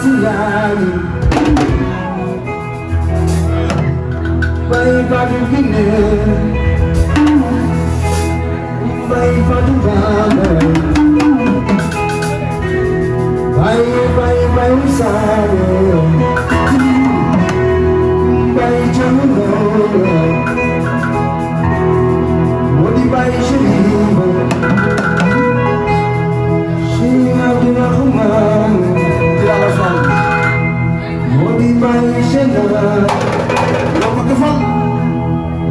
Brasileiro Vai para o Guiné Vai para o Vale Vai, vai, vai o Sábio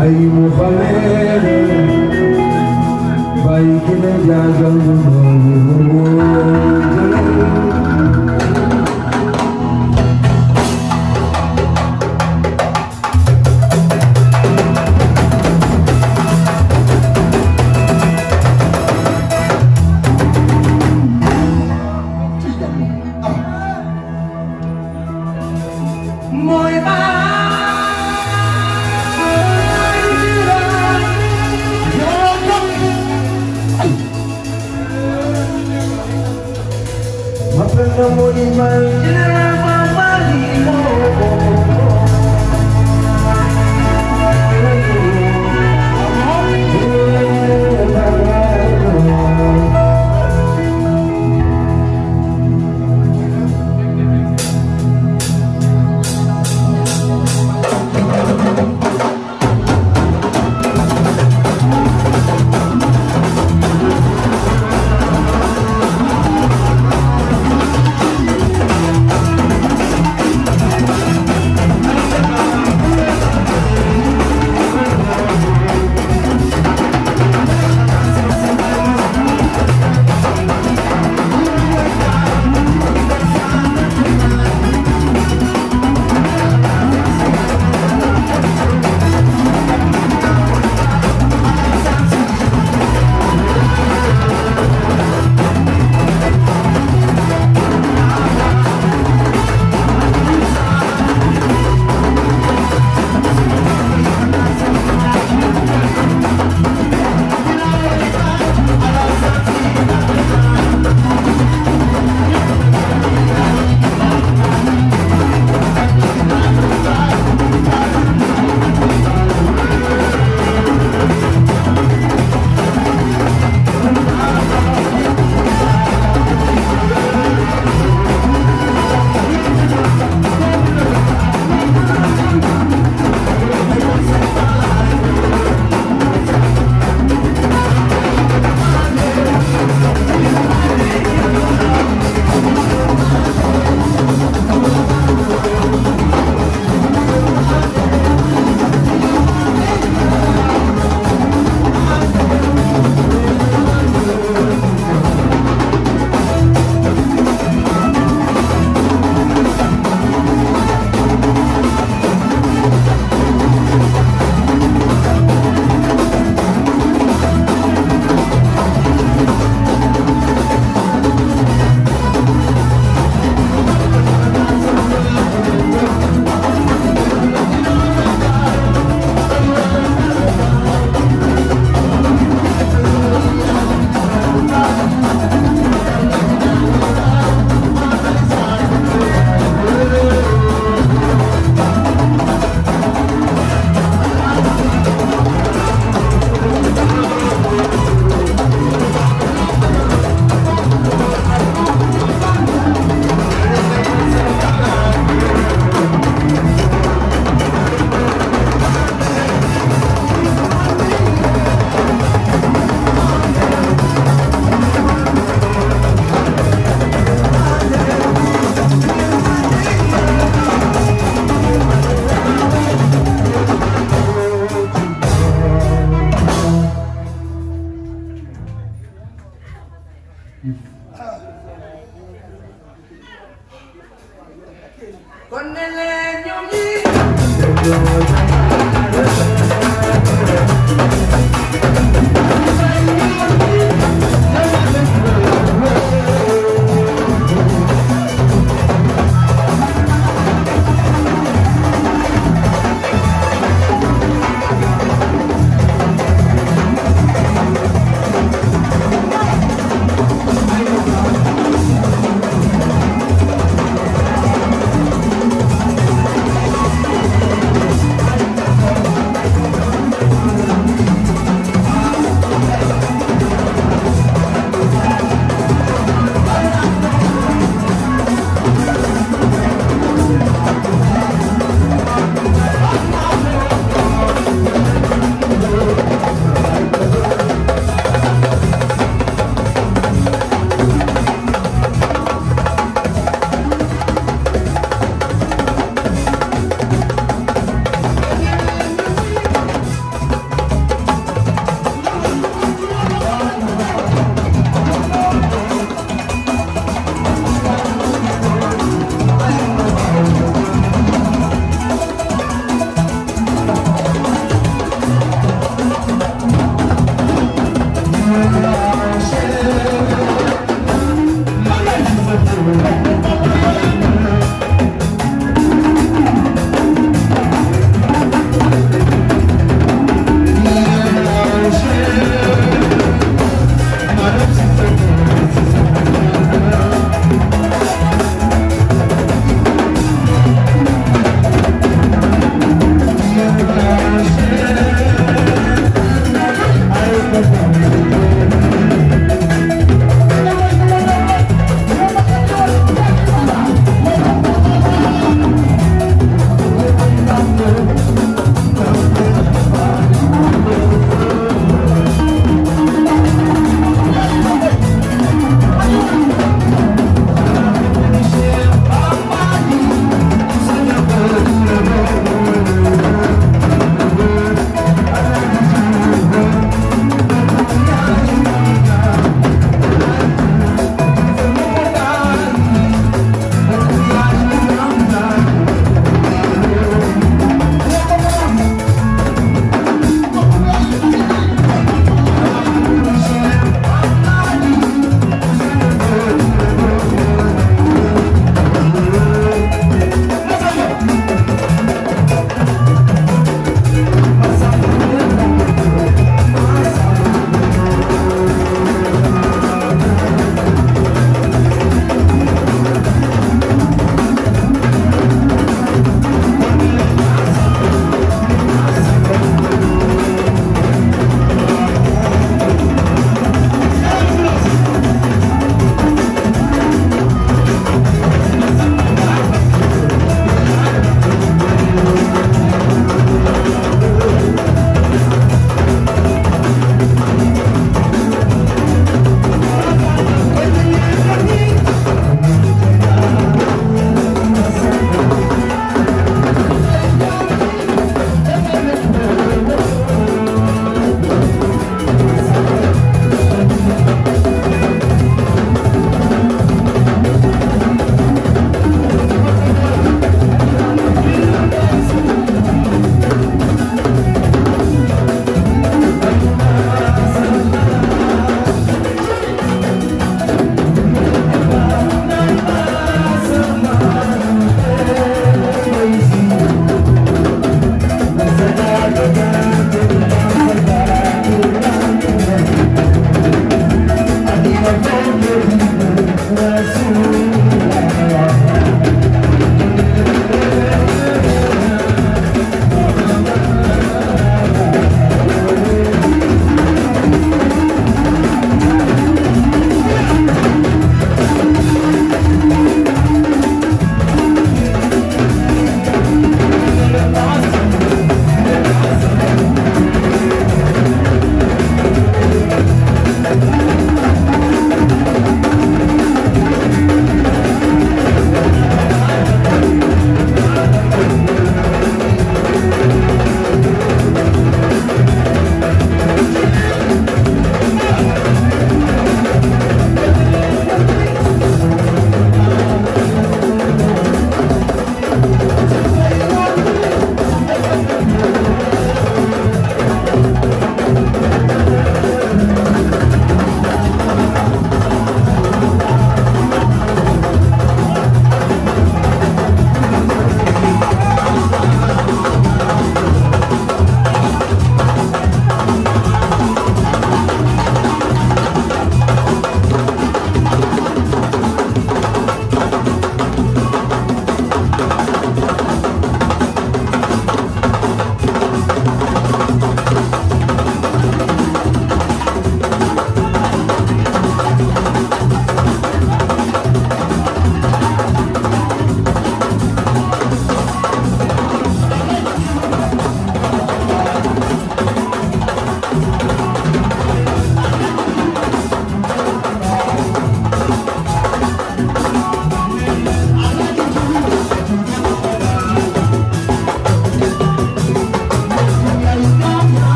bay mu xale bay ki ne jaagal Thank you.